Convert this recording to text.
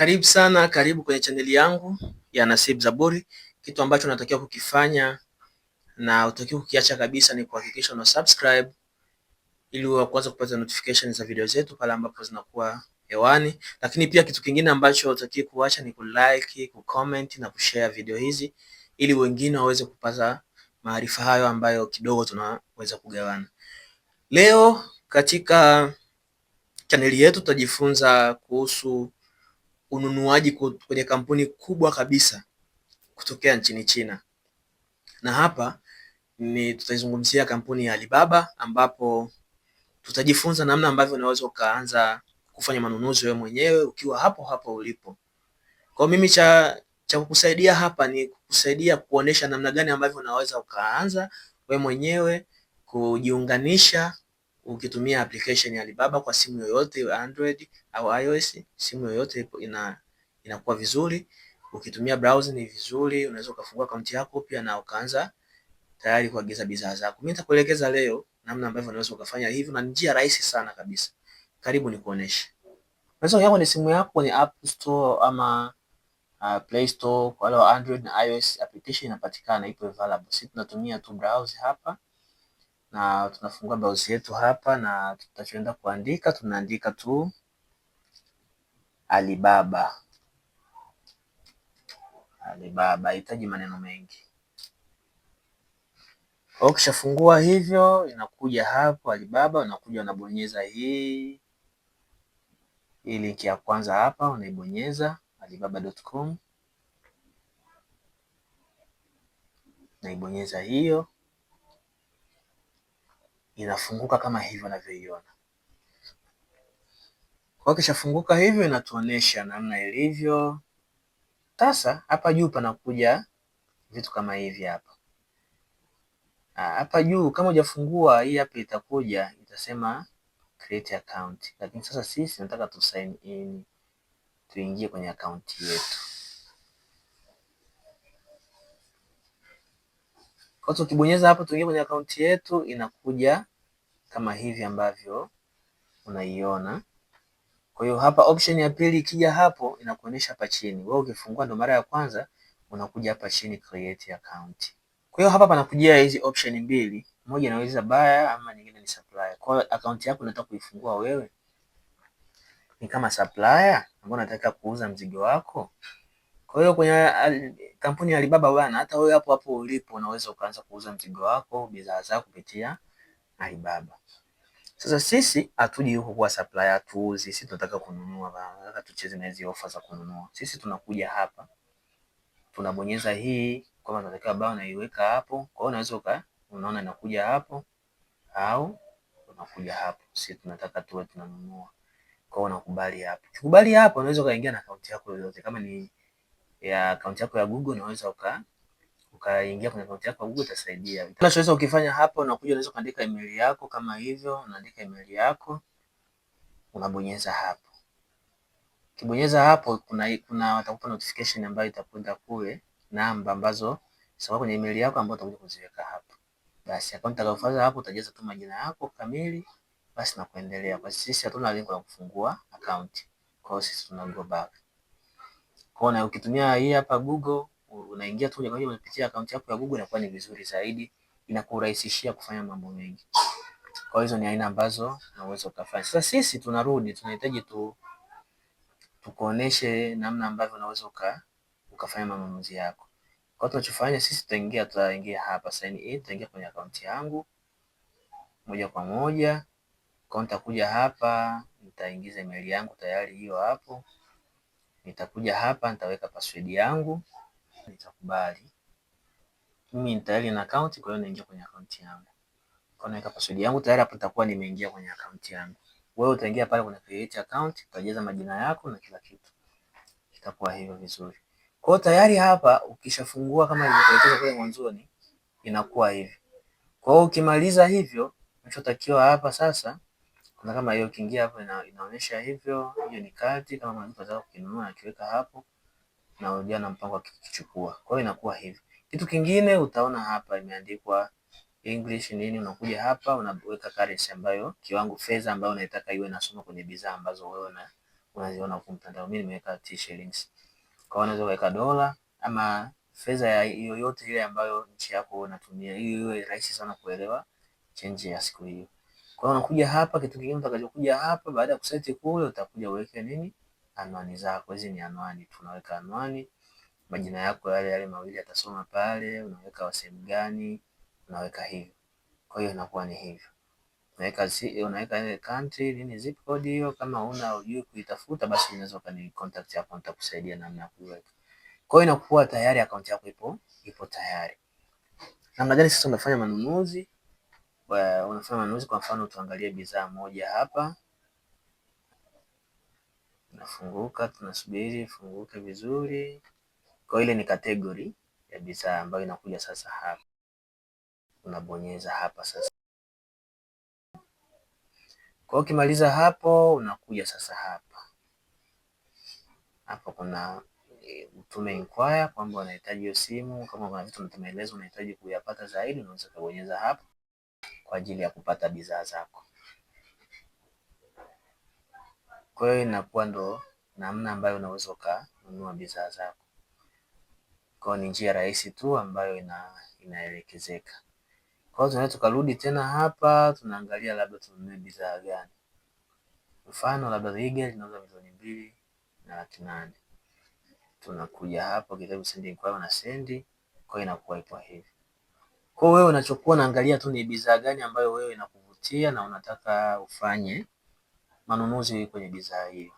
Karibu sana, karibu kwenye chaneli yangu ya Nasib Zaburi. Kitu ambacho unatakiwa kukifanya na utakiwa kukiacha kabisa ni kuhakikisha una subscribe ili uwe wa kwanza kupata notification za video zetu pale ambapo zinakuwa hewani. Lakini pia kitu kingine ambacho utakiwa kuacha ni kulike, kucomment na kushare video hizi ili wengine waweze kupata maarifa hayo ambayo kidogo tunaweza kugawana. Leo katika chaneli yetu tutajifunza kuhusu ununuaji kwenye kampuni kubwa kabisa kutokea nchini China, na hapa ni tutaizungumzia kampuni ya Alibaba ambapo tutajifunza namna ambavyo unaweza ukaanza kufanya manunuzi wewe mwenyewe ukiwa hapo hapo ulipo. Kwa mimi cha cha kukusaidia hapa ni kukusaidia kuonesha namna gani ambavyo unaweza ukaanza wewe mwenyewe kujiunganisha ukitumia application ya Alibaba kwa simu yoyote Android au iOS, simu yoyote ina inakuwa vizuri. Ukitumia browser ni vizuri, unaweza ukafungua akaunti yako pia na ukaanza tayari kuagiza bidhaa zako. Mimi nitakuelekeza leo namna ambavyo unaweza ukafanya hivyo na njia rahisi sana kabisa. Karibu nikuoneshe. Unaweza yako ni simu yako ni App Store ama uh, Play Store kwa Android na iOS application inapatikana, ipo available. Sisi tunatumia tu browser hapa na tunafungua baozi yetu hapa na tutachoenda kuandika, tunaandika tu Alibaba. Alibaba hahitaji maneno mengi. Ukishafungua hivyo inakuja hapo Alibaba, unakuja unabonyeza hii hii linki ya kwanza hapa, unaibonyeza alibaba.com, unaibonyeza hiyo inafunguka kama hivyo unavyoiona. Kwa kishafunguka hivyo inatuonesha namna ilivyo. Sasa hapa juu panakuja vitu kama hivi hapa. Ah, hapa juu kama hujafungua hii hapa itakuja itasema create account. Lakini sasa sisi nataka tu sign in tuingie kwenye akaunti yetu. Kwa hiyo tukibonyeza hapo tuingie kwenye akaunti yetu inakuja kama hivi ambavyo unaiona. Kwa hiyo hapa option ya pili ikija hapo inakuonyesha hapa chini. Wewe ukifungua ndo mara ya kwanza unakuja hapa chini create account. Kwa hiyo hapa panakujia hizi option mbili, moja inaweza buyer ama nyingine ni supplier. Kwa hiyo account yako unataka kuifungua wewe ni kama supplier ambao unataka kuuza mzigo wako. Kwa hiyo kwenye al, kampuni ya Alibaba bwana, hata wewe hapo hapo ulipo unaweza ukaanza kuuza mzigo wako, bidhaa zako kupitia Alibaba. Sasa sisi hatuji huku kwa supplier, hatuuzi, sisi tunataka kununua bana. tucheze na hizo offer za kununua. Sisi tunakuja hapa. Tunabonyeza hii kama tunataka bao na iweka hapo. Kwa hiyo unaweza uka unaona inakuja hapo au unakuja hapo. Sisi tunataka tuwe tunanunua. Kwa hiyo unakubali hapo. Ukikubali hapo unaweza ukaingia na akaunti yako yoyote kama ni ya akaunti yako ya Google unaweza uka ukaingia kwenye akaunti yako ya Google itasaidia. Unachoweza ukifanya hapa, unakuja unaweza kuandika email yako kama hivyo, unaandika email yako unabonyeza hapo. Ukibonyeza hapo, kuna kuna watakupa notification ambayo itakwenda kule, namba ambazo sawa kwenye email yako ambayo utakuja kuziweka hapo. Basi akaunti utakayofuata hapo, utajaza tu majina yako kamili basi na kuendelea. Kwa sisi hatuna lengo la kufungua akaunti, kwa hiyo sisi tuna go back. Kwa hiyo ukitumia hii hapa Google unaingia tu moja kwa moja unapitia akaunti yako ya Google, inakuwa ni vizuri zaidi, inakurahisishia kufanya mambo mengi. Kwa hizo ni aina ambazo unaweza ukafanya. Sasa sisi tunarudi, tunahitaji tu tukuoneshe namna ambavyo unaweza uka, ukafanya manunuzi yako. Kwa hiyo tunachofanya sisi, tutaingia tutaingia hapa sign in, tutaingia kwenye akaunti yangu moja kwa moja kwa nitakuja hapa, nitaingiza email yangu tayari hiyo hapo. Nitakuja hapa nitaweka password yangu nitakubali. Mimi tayari na account, kwa hiyo naingia kwenye account yangu. Kwa hiyo naweka password yangu tayari, hapo nitakuwa nimeingia kwenye account yangu. Wewe utaingia pale kuna create account, utajaza majina yako na kila kitu. Itakuwa hivyo vizuri. Kwa hiyo tayari hapa ukishafungua kama ilivyokuelekeza kule mwanzoni inakuwa hivi. Kwa hiyo ukimaliza hivyo, unachotakiwa hapa sasa kuna kama hiyo ukiingia hapo ina, inaonyesha hivyo. Hiyo ni kati kama malipo zako ukinunua akiweka hapo na wajua na mpango wa kukichukua. Kwa hiyo inakuwa hivi. Kitu kingine utaona hapa imeandikwa English nini, unakuja hapa unaweka currency ambayo kiwango fedha ambayo unaitaka iwe nasoma kwenye bidhaa ambazo wewe una unaziona huko mtandao. Mimi nimeweka T shillings. Kwa hiyo unaweza kuweka dola ama fedha ya yoyote ile ambayo nchi yako unatumia ili iwe rahisi sana kuelewa change ya siku hiyo. Kwa hiyo unakuja hapa, kitu kingine utakachokuja hapa baada ya kuseti kule utakuja uweke nini? anwani zako. Hizi ni anwani, tunaweka anwani, majina yako yale yale mawili atasoma pale, unaweka wa sehemu gani, unaweka hivyo. Kwa hiyo inakuwa ni hivyo, unaweka zi, unaweka ile country nini, zip code hiyo. Kama una ujui kuitafuta, basi unaweza ukani contact hapo, nitakusaidia namna ya kuiweka. Kwa hiyo inakuwa tayari account yako ipo ipo tayari. Namna gani sasa unafanya manunuzi? Unafanya manunuzi, kwa mfano tuangalie bidhaa moja hapa. Inafunguka, tunasubiri ifunguke vizuri. Kwa ile ni category ya bidhaa ambayo inakuja sasa hapa. Unabonyeza hapa sasa. Kwa ukimaliza hapo unakuja sasa hapa. hapo kuna e, utume inquire kwamba unahitaji hiyo simu, kama kuna vitu tumeeleza unahitaji kuyapata zaidi unaweza kubonyeza hapa kwa ajili ya kupata bidhaa zako. Kwa hiyo inakuwa ndo namna ambayo unaweza ukanunua bidhaa zako. Kwa ni njia rahisi tu ambayo ina, inaelekezeka. Kwa hiyo tunaweza tukarudi tena hapa tunaangalia labda tununue bidhaa gani. Mfano labda hii gari milioni mbili na laki nane. Tunakuja hapo kitabu send inquiry na sendi, kwa hiyo inakuwa ipo hivi. Kwa hiyo wewe unachokuwa unaangalia tu ni bidhaa gani ambayo wewe inakuvutia na unataka ufanye manunuzi kwenye bidhaa hiyo.